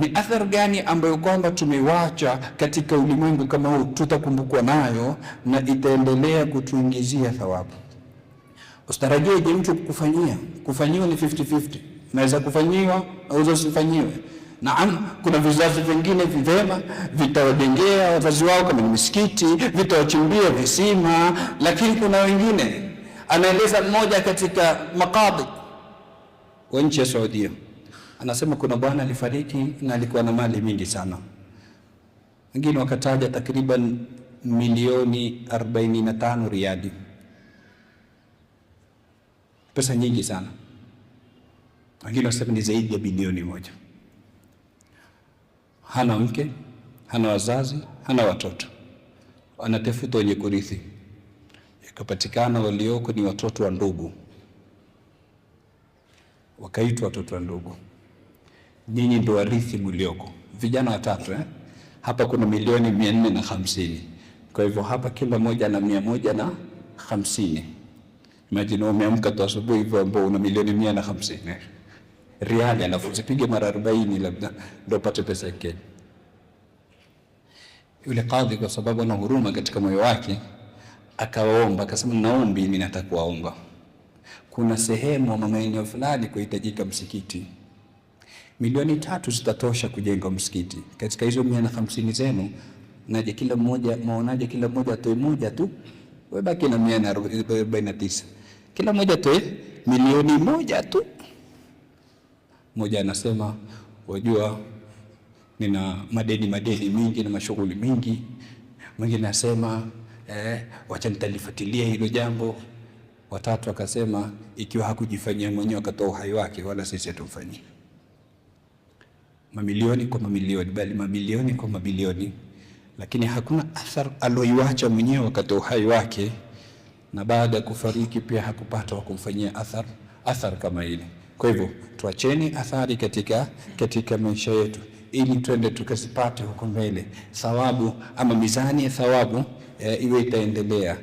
ni athari gani ambayo kwamba tumewacha katika ulimwengu kama huu, tutakumbukwa nayo na itaendelea kutuingizia thawabu. Usitarajie je mtu kukufanyia, kufanyiwa ni 50-50, unaweza kufanyiwa au usifanyiwe. Naam, kuna vizazi vingine vivema vitawajengea wazazi wao kama ni misikiti, vitawachimbia visima, lakini kuna wengine, anaeleza mmoja katika makadhi wa nchi ya Saudia Anasema kuna bwana alifariki na alikuwa na mali mingi sana. Wengine wakataja takriban milioni 45 riadi, pesa nyingi sana. Wengine wasema ni zaidi ya bilioni moja. Hana mke, hana wazazi, hana watoto, anatafuta wenye kurithi. Ikapatikana walioko ni watoto wa ndugu, wakaitwa watoto wa ndugu nyinyi ndio warithi mlioko vijana watatu eh? Hapa kuna milioni mia nne na hamsini. Kwa hivyo hapa kila moja na mia moja na hamsini. Imagine umeamka tu asubuhi hivyo ambao una milioni mia na hamsini eh? riali, alafu zipige mara arobaini labda ndio upate pesa yake. Yule kadhi kwa sababu ana huruma katika moyo wake akaomba akasema naombi, mimi nataka kuwaomba, kuna sehemu ama maeneo fulani kuhitajika msikiti Milioni tatu zitatosha kujenga msikiti. Katika hizo mia na hamsini zenu naje kila mmoja maonaje, kila mmoja atoe moja tu, wewe na mia na arobaini na tisa. Kila mmoja atoe milioni moja tu. Mmoja anasema wajua, nina madeni madeni mingi na mashughuli mingi. Mwingine anasema eh, wacha nitalifuatilia hilo jambo. Watatu akasema ikiwa hakujifanyia mwenyewe akatoa uhai wake, wala sisi hatumfanyii mamilioni kwa mamilioni, bali mabilioni kwa mabilioni, lakini hakuna athar aloiwacha mwenyewe wakati uhai wake, na baada ya kufariki pia hakupata wa kumfanyia athar, athar kama ile. Kwa hivyo tuacheni athari katika, katika maisha yetu ili twende tukazipate huko mbele thawabu ama mizani ya thawabu e, iwe itaendelea.